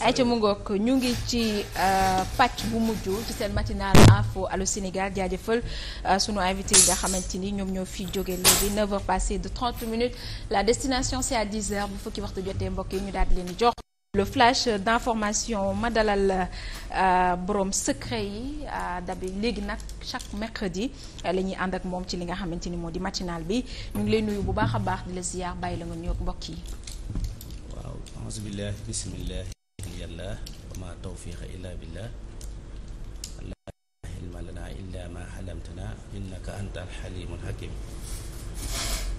ay ca mu ngoog ñu ngi ci euh, pàcc bu mujj ci seen matinal info Allô Sénégal jaajëfal euh, sunu invité yi nga xamante ni ñoom ñoo fi jóge léegi 9 heures passées de 30 minutes la destination c'est à 10 bu fukki waxtu jotee mbokk yi ñu daal di leen di jox. le flash d'information ma dalal euh, borom secret yi dabi léegi nag chaque mercredi la ñuy ànd ak moom ci li nga xamante ni moo di matinal bi ñu ngi lay nuyu bu baax a baax di la ziar bàyyi la nga ñëw ak mbokk yi. waaw illallah wa ma tawfiqa illa billah la ilma xalamtana innaka anta alxalimul hakim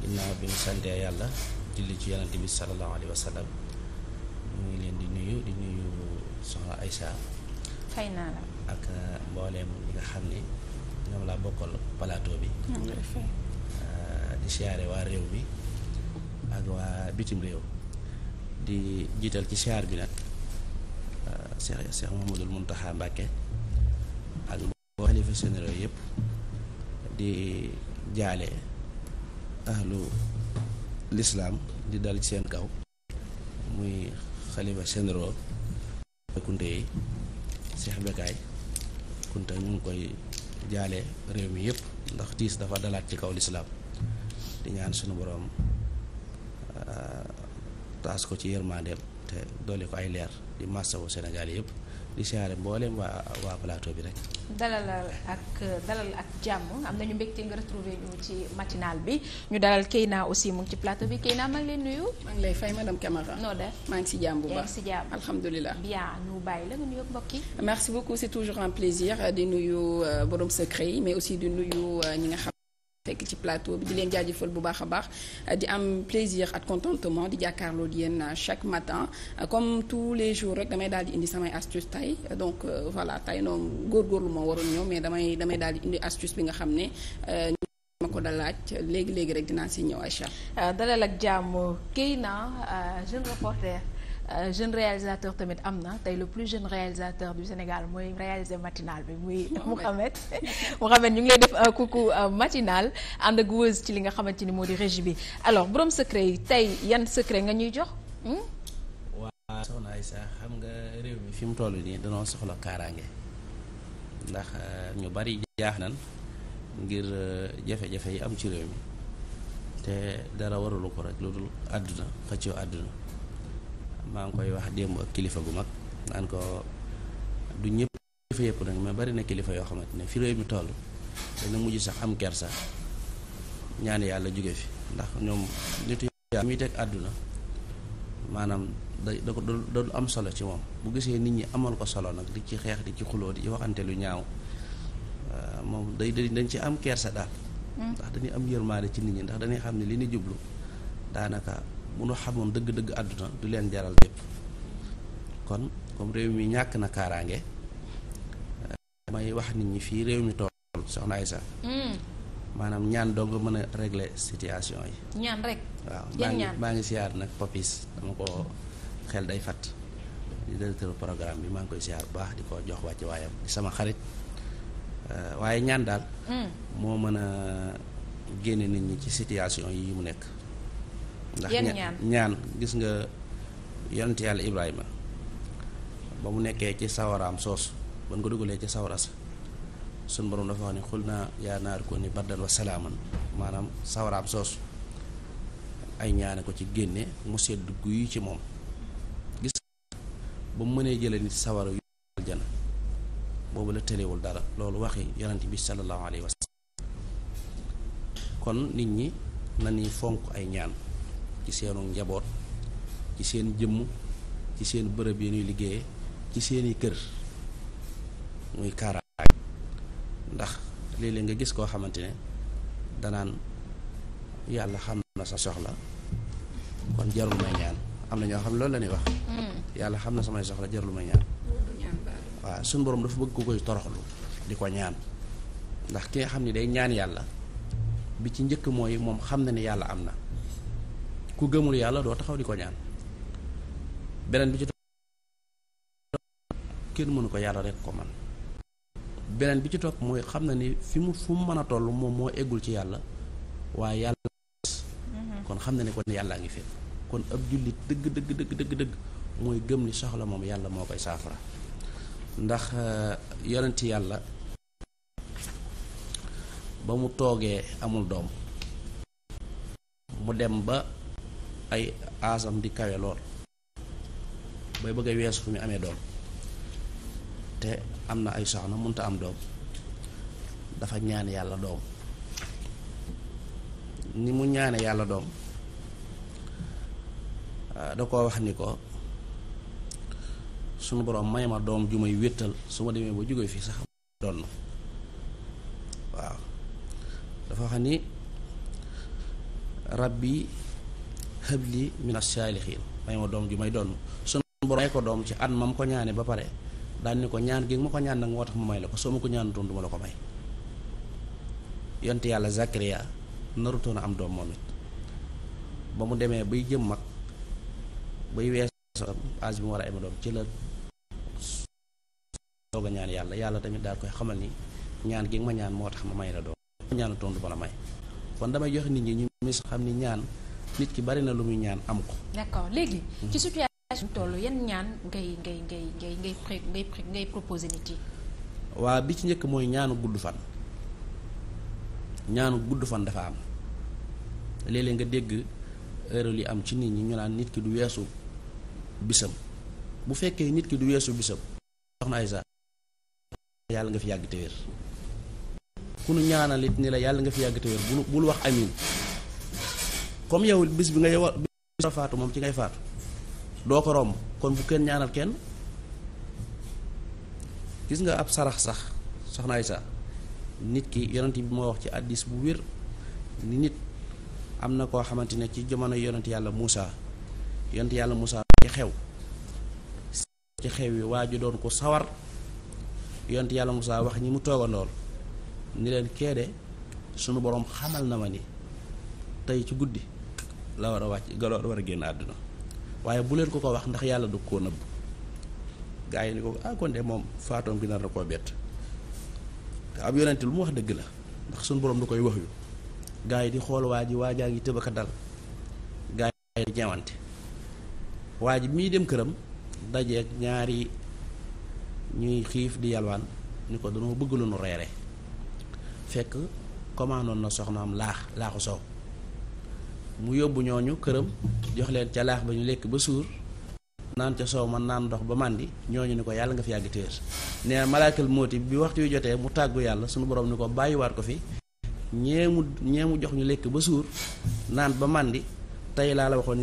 ginnaaw bi ñu santee yàlla julli ci yonent bi sallallahu alayhi wa ngi leen di nuyu di nuyu soxna Aïcha fay naa la ak uh, mbooleem ñi nga xam ne ñoom laa bokkal plateau bi uh, di siyaare waa réew mi ak waa bitim réew di jiital ci siyaar bi nag Cheikh Cheikh Mouhamadoul Mountakha Mbacké ak boo xalifa généraux yëpp di jaale ahlu lislaam di dal ci seen kaw muy xalifa généraux kunte yi ñu ngi koy jaale réew mi yëpp ndax tiis dafa dalaat ci kaw lislaam di ñaan sunu boroom ah, taas ko ci yërmandeem te doole ko ay leer di massawu Sénégal yëpp di siyaare mbooleem waa waa plateau bi rek. dalal ak dalal ak jàmm am nañu mbégte nga retrouver ñu ci matinal bi ñu dalal Keyna aussi mu ngi ci plateau bi Keyna maa ngi leen nuyu. maa ngi lay fay madame Camara. noo def maa ngi si jàmm bu baax alhamdulilah. bien ñu bàyyi la nga nuyu mbokk yi. merci beaucoup c'est toujours un plaisir euh, di nuyu euh, borom secret yi mais aussi di nuyu euh, ñi nga xam. fekk ci plateau bi di leen jaajëfal bu baax a baax di am plaisir ak contentement di jàkkaarloo di yéen chaque matin comme tous les jours rek damay daal di indi samay astuce tay donc euh, voilà tay noonu góorgóorlu moo waroon ñëw mais damay damay daal di indi astuce bi nga xam ne euh, ma ko laaj léegi léegi rek dinaa si ñëw Aïcha euh, dalal ak jàmm Keyna jeune reporter Euh, jeune réalisateur tamit am na tey le plus jeune réalisateur du Sénégal mooy réalisé matinal bi muy mu Mouhamed ñu ngi lay def coucou euh, matinal ànd ak wëz ci li nga xamante ni moo di régie bi alors borom secret yi tey yan secret nga ñuy jox hmm? waaw soxna Aïssa xam nga réew mi fi mu toll nii danoo soxla kaaraange ndax euh, ñu bari jaax nan ngir jafe-jafe yi am ci réew mi te dara warulu ko rek lu dul àdduna xëccoo àdduna maa ngi koy wax démb ak kilifa gu mag naan ko du ñëpp kilifa nag mais bari na kilifa yoo xamante ne fi réew mi toll dana mujj sax am kersa ñaan yàlla jóge fi ndax ñoom nitu yàlla teg àdduna maanaam da da am solo ci moom bu gisee nit ñi amal ko solo nag di ci xeex di ci xuloo di ci waxante lu ñaaw euh, moom day dañ ci am kersa daal. Mm. ndax dañuy am yërmaande ci nit ñi ndax dañuy xam ne li ñu jublu daanaka. bu nu xamoon dëgg-dëgg àdduna du leen jaral lépp kon comme réew mi ñàkk na kaaraange euh, may wax nit ñi fii réew mi tool soxna Aïssa hmm. maanaam ñaan dong mën a régler situation yi. ñaan rek. waaw maa maa ngi siyaar nag Papis dama ko xel day fat di programme bi maa ngi koy siyaar baax di ko jox wàcc waayam sama xarit euh, waaye ñaan daal. Hmm. moo mën a génne nit ñi ci situation yi mu nekk. ndax ñaan gis nga yonent yàlla Ibrahima ba mu nekkee ci sawaraam soos ba nga ko dugalee ci sawara sa sun borom dafa wax ne xul naa yaa naar ko ni bardan wa maanaam sawaraam soosu ay ñaane ko ci génne mu sedd guy ci moom gis ba mu mënee jële nit sawara yu aljana boobu la tëlewul dara loolu waxi yonent bi sallallahu alayhi wa sallam kon nit ñi nañuy fonk ay ñaan ci seenu njaboot ci seen jëmm ci seen bërëb yi ñuy liggéeye ci seeni kër muy kaaraay ndax léeg nga gis koo xamante ne danaan yàlla xam na sa soxla kon jarul may ñaan am na ñoo xam ne loolu la ñuy wax mm. yàlla xam na samay soxla jarul may ñaan waaw suñu borom dafa bëgg ku koy toroxlu di ko ñaan ndax ki nga xam ne day ñaan yàlla bi ci njëkk mooy moom xam na ne yàlla am na ku gëmul yàlla doo taxaw di ko ñaan beneen bi ci kenn mënu ko yàlla rek ko man beneen bi ci topp mooy xam na ni fi mu fu mu mën a toll moom moo eggul ci yàlla waaye yàlla mhm. kon xam na ne kon yàllaa ngi fépp kon ab jullit dëgg dëgg dëgg dëgg mooy gëm ni soxla moom yàlla moo koy saafara ndax eh, yonent yàlla ba mu toogee amul doom mu dem ba ay aasam di kawe lool bay bëgg a weesu fu mu amee doom te am na ay soxna mënta am doom dafa ñaan yàlla doom ni mu ñaane yàlla doom ah, da koo wax ni ko sunu boroom may ma doom ju may wéttal su ma demee ba jóge fii sax donn waaw dafa wax ni rabbi habli mina saalihiin may ma doom ju may doon sunu borom may ko doom ci at mam ko ñaane ba pare daan ni ko ñaan gi ma ko ñaan nag moo tax ma may la ko soo ma ko ñaanutoon du ma la ko may yàlla Zakaria narutoon a am doom moom mu demee bay jëm mag bay weesu âge bi mu war a amee doom ci ñaan yàlla yàlla tamit daal koy xamal ni ñaan gi nga moo tax ma may la ma kon damay joxe nit ñi ñu mis xam ni ñaan nit ki bari na lu muy ñaan am ko. d'accord léegi. ci situation tollu yan ñaan ngay ngay ngay ngay ngay nit yi. waa bi ci njëkk mooy ñaanu gudd fan. ñaanu gudd fan dafa am léeg nga dégg erreur yi am ci nit ñi ñu naan nit ki du weesu bisam bu fekkee nit ki du weesu bisam. soxna yàlla nga fi yàgg te wér ku nu ñaanal ni la yàlla nga fi yàgg te bul bul wax amiin. comme yow bis bi ngay war bis faatu moom ci ngay faatu doo ko romb kon bu kenn ñaanal kenn gis nga ab sarax sax soxna Aysa nit ki yonent bi moo wax ci addis bu wér ni nit am na koo xamante ne ci jamono yonent yàlla Moussa yonent yàlla Moussa ci xew ci xew yi waa ji doon ko sawar yonent yàlla Moussa wax ñi mu toogandool ni leen keede sunu boroom xamal na ma ni tey ci guddi la war a wàcc la war a génn àdduna waaye bu leen ko ko wax ndax yàlla du koo nëbb gaa yi ni ko ah kon de moom faatoom gi nar na koo bett te ab yonent lu mu wax dëgg la ndax suñu borom du koy wax yu gaa yi di xool waa ji waa jaa ngi tëb ak a dal gaa yi di waa ji bi muy dem këram dajeeg ñaari ñuy xiif di yalwaan ni ko danoo bëgg lu reere fekk commandoon na soxnaam laax laaxu sow mu yóbbu ñooñu këram jox leen ca laax ba ñu lekk ba suur naan ca soow man naan ndox ba màndi ñoo ñu ni ko yàlla nga fi yàgg téer nee na malaakal mooti bi waxtu yu jotee mu tàggu yàlla suñu borom ni ko bàyyiwaat ko fi ñee mu ñee jox ñu lekk ba suur naan ba màndi tey laa la waxoon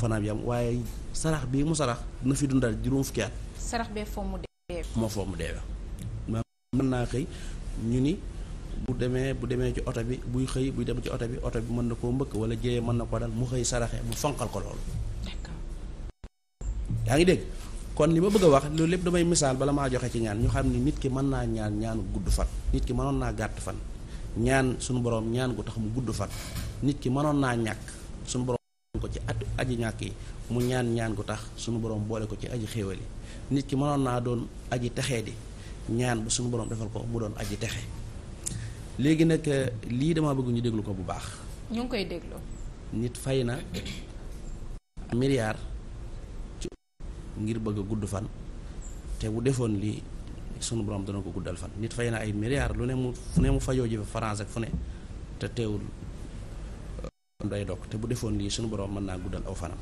fanaab yam waaye sarax bii mu sarax na fi dundal juróom fukki at sarax bee fomm mu deewee moo fomm mu deewee mën naa xëy ñu ni bu demee bu demee ci oto bi buy xëy buy dem ci oto bi oto bi mën na koo mbëkk wala jéyee mën na koo dal mu xëy saraxe mu fanqal ko loolu yaa ngi dégg kon li ma bëgg a wax loolu lépp damay misaal bala maa joxe ci ñaan ñu xam ni nit ki mën naa ñaan ñaanu gudd fan nit ki mënoon naa gàtt fan ñaan suñu borom ñaan gu tax mu gudd fan nit ki mënoon naa ñàkk suñu borom ko ci at aji ñàkk yi mu ñaan ñaan tax suñu borom boole ko ci aji xéewal yi nit ki mënoon naa doon aji texee di ñaan ba suñu borom defal ko mu doon aji texe léegi nag euh, lii dama bëgg ñu déglu ko bu baax. ñu ngi koy déglu. nit fay na milliard ngir bëgg gudd fan te bu defoon lii sunu borom dana ko guddal fan nit fay na ay milliard lu ne mu fa France ak fu euh, te bu defoon lii sunu borom mën naa guddal aw fanam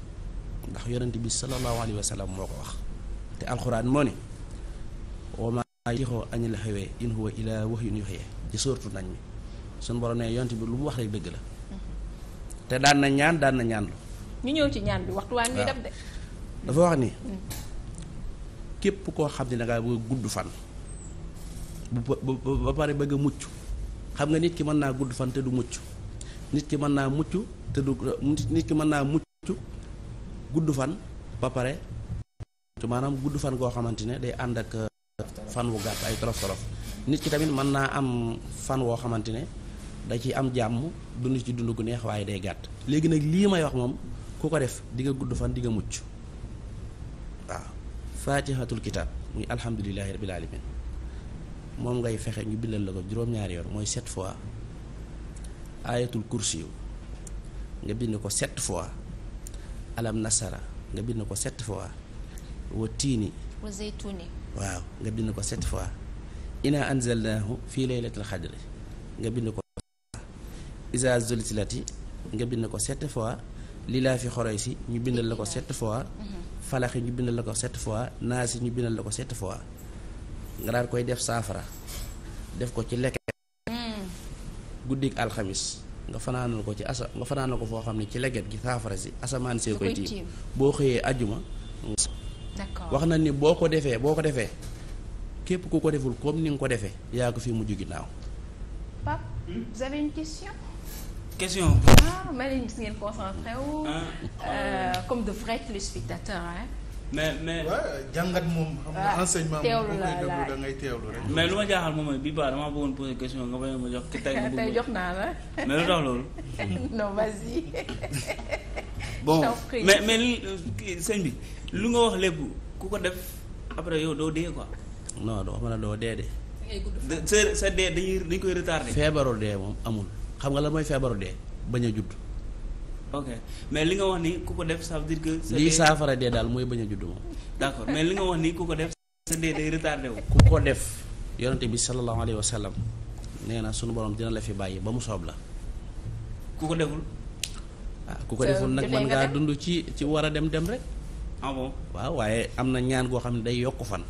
ndax yonent bi sallallahu alayhi wa sallam moo ko wax te alxuraan moo ne wa maa yantiqu anil hawaa in huwa illaa wahyun yuuhaa ci sóortu nañ mi suñu borom ne yonent bi lu mu wax rek dëgg la te daan na ñaan daan na ñaan lu ñu ñëw ci ñaan bi waxtu waa ngi dafa wax ni hmm. képp koo xam ne da bëgg gudd fan ba pare bëgg a mucc xam nga nit ki mën naa gudd fan te du mucc nit ki mën naa mucc te du nit ki mën naa mucc gudd fan ba pare maanaam gudd fan koo xamante ne day ànd ak fan wu gàtt ay tolof tolof nit ki tamit mën naa am fan woo xamante ne da ci am jàmm dund ci dund gu neex waaye day gàtt léegi nag lii may wax moom ku ko def di nga gudd fan di nga mucc waaw faatihatul kitaab muy alhamdulillahi rabbil alamin moom ngay fexe ñu bindal la ko juróom-ñaari yoon mooy sept fois ayatul kursiyu nga bind ko sept fois alam nasara nga bind ko sept fois wa tiini wa waaw nga bind ko sept fois ina anzalnaahu fii laylatil xadri nga bind ko isa zulzilati nga bind ko set fois fi xoroy si ñu bindal la ko set fois falaxi ñu bindal la ko sept fois naasi mhm. ñu bindal la ko set fois nga daan koy def saafara def ko ci lekk mm. guddik alxamis nga fanaanal ko ci asa nga fanaanal ko foo xam ne ci leget gi saafara si asamaan see koy tiim boo xëyee ajuma wax na ni boo ko defee boo ko defee képp ku ko deful comme ni nga ko defee yaa ko fi mujj ginnaaw. Pape. vous avez une question. question. ah ngeen concentré euh, comme de vrais téléspectateurs mais mais jàngat moom. xam nga ah, enseignement mais lu ma jaaxal moom mooy bii baax damaa bëggoon poser question nga bañ ma jox te tey nga jox naa la. mais lu tax loolu. non vas bon mais mais euh, sëñ bi lu nga wax lépp ku ko def après yow doo dee quoi. non doo xam ne doo dee de. sa sa dee dañuy dañ koy retardé. feebaru dee moom amul xam nga lan mooy feebaru dee bañ a judd. ok mais li nga wax ni ku ko def ça veut dire que. saafara dee daal mooy bañ a judd mais li nga wax ni ku ko def. sa dee day retardé wu. ku ko def yonente bi sallallahu alayhi wa sallam nee na sunu borom dina la fi bàyyi ba mu soob la. ku ko deful. Ah, ku ko deful nag mën ngaa dund ci ci war a dem dem rek. ah bon waaw waaye am na ñaan goo xam ne day yokk fan.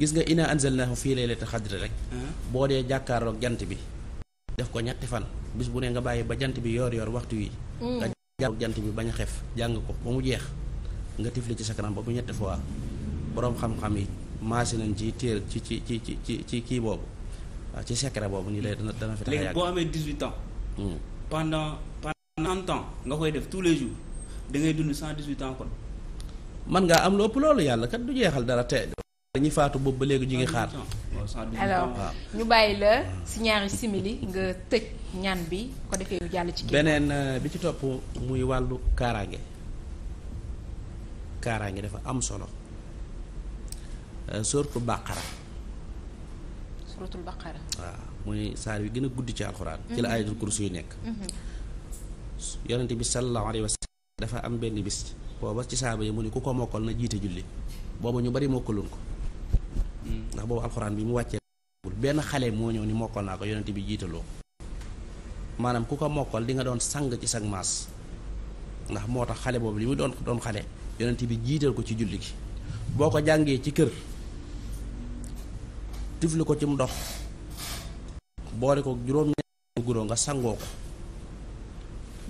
gis nga na anzalnahu fii laylatul qadr rek boo dee jàkkaarloog jant bi def ko ñetti fan bis bu ne nga bàyyi ba jant bi yoor yoor waxtu wi hmm. nga jàkkaarloog jant bi bañ a xef jàng ko ba mu jeex nga tifli ci sa kanam ba bu ñetti fois boroom xam-xam yi maasi nañ ci téer ci ci ci ci ci kii boobu waaw ci secret boobu nii lay dana dana fi tax léegi boo amee dix-huit ans hmm. pendant pendant un temps nga koy def tous les jours da ngay dund cent dix-huit ans kon man ngaa am lu loolu yàlla kat du jeexal dara te dañuy faatu boobu ba léegi ji ngi xaar. alors ñu bàyyi la si ñaari simili nga tëj ñaan bi ko defee ñu jàll ci. beneen euh, bi ci topp muy wàllu kaaraange kaaraange dafa am solo euh, surtout bàqara. suratul baqara waaw muy saar wi gën a guddi ci alxuraan ci la mhm. ayatul kursi yu nekk mhm. yonente bi sallallahu alayhi wa dafa am benn bis booba ci saaba yi mu ne ku ko mokkal na jiite julli booba ñu bari mokkaluñ ko ndax boobu alxuraan bi mu wàccee benn xale moo ñëw ni mokkal naa ko yonent bi jiitaloo maanaam ku ko mokkal di nga doon sang ci sag maas ndax moo tax xale boobu li mu doon doon xale yonent bi jiital ko ci julli gi boo ko jàngee ci kër tifli ko ci mu ndox boole ko juróom ñaari guro nga sangoo ko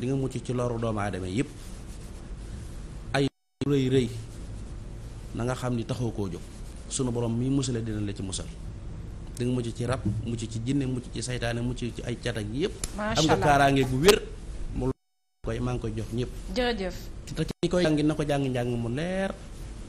di nga mucc ci loru doomu aadama yépp ay rëy rëy na nga xam ni taxoo koo jóg sunu borom mi musale dina la ci musal da nga mucc ci rab mucc ci jinne mucc ci saytaane mucc ci ay cat ak yëpp am nga kaaraange gu wér mu koy maa ngi koy jox ñëpp jërëjëf te ci koy jàngi na ko jàng-njàng mu leer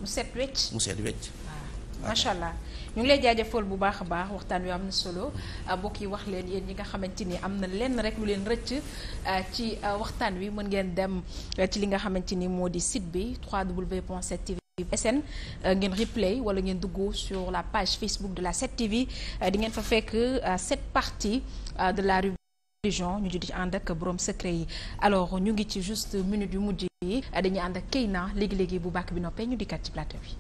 set wecc mu set wecc ah, macha allah ñu ngi lay jaajëfal bu baax a baax waxtaan wi am na solo ah, mbokk yi wax leen yéen ñi nga xamante ni am na lenn rek lu leen rëcc ah, ci waxtaan wi mën ngeen dem ci li nga xamante ni moo di site bi SN euh, ngeen replay wala ngeen dugg sur la page Facebook de la 7TV euh, di ngeen fa fekk cette euh, partie de la région ñu di ànd ak borom secret yi alors ñu ngi ci juste minute yu mujj yi dañuy ànd ak Keyna léegi-léegi bu bàkk bi noppee ñu dikkaat ci plateau bi